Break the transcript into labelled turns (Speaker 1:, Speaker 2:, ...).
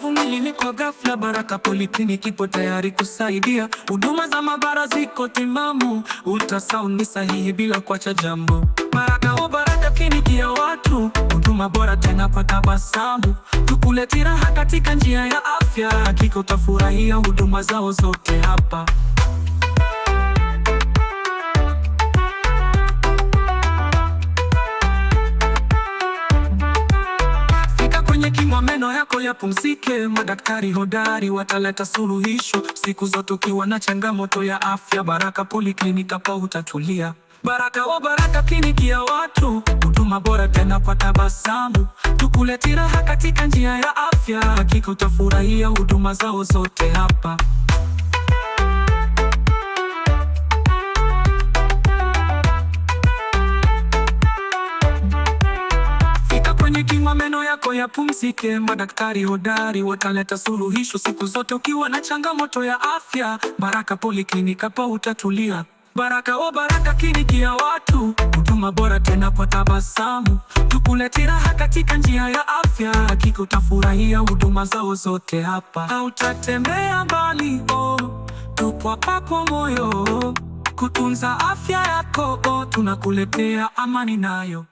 Speaker 1: Vumilini kwa ghafla, Baraka Polyclinic kipo tayari kusaidia. Huduma za maabara ziko timamu, ultrasound ni sahihi bila kuacha jambo. Baraka o Baraka kliniki ya watu, huduma bora tena kwa tabasamu, tukuletea raha katika njia ya afya. Hakika utafurahia huduma zao zote hapa. yapumzike, madaktari hodari wataleta suluhisho siku zote. Ukiwa na changamoto ya afya, Baraka Poliklinika pa utatulia. Baraka o oh Baraka, kliniki ya watu, huduma bora tena kwa tabasamu, Tukuletira raha katika njia ya afya. Hakika utafurahia huduma zao zote hapa. kwenye kinywa, meno yako yapumzike. Madaktari hodari wataleta suluhisho siku zote. Ukiwa na changamoto ya afya, Baraka poliklinika hapa utatulia. Baraka o oh Baraka, kliniki ya watu, huduma bora tena kwa tabasamu. Tukulete raha katika njia ya afya, hakika utafurahia huduma zao zote hapa. Hautatembea mbali, oh, tupo hapa kwa moyo kutunza afya yako, oh, tunakuletea amani nayo.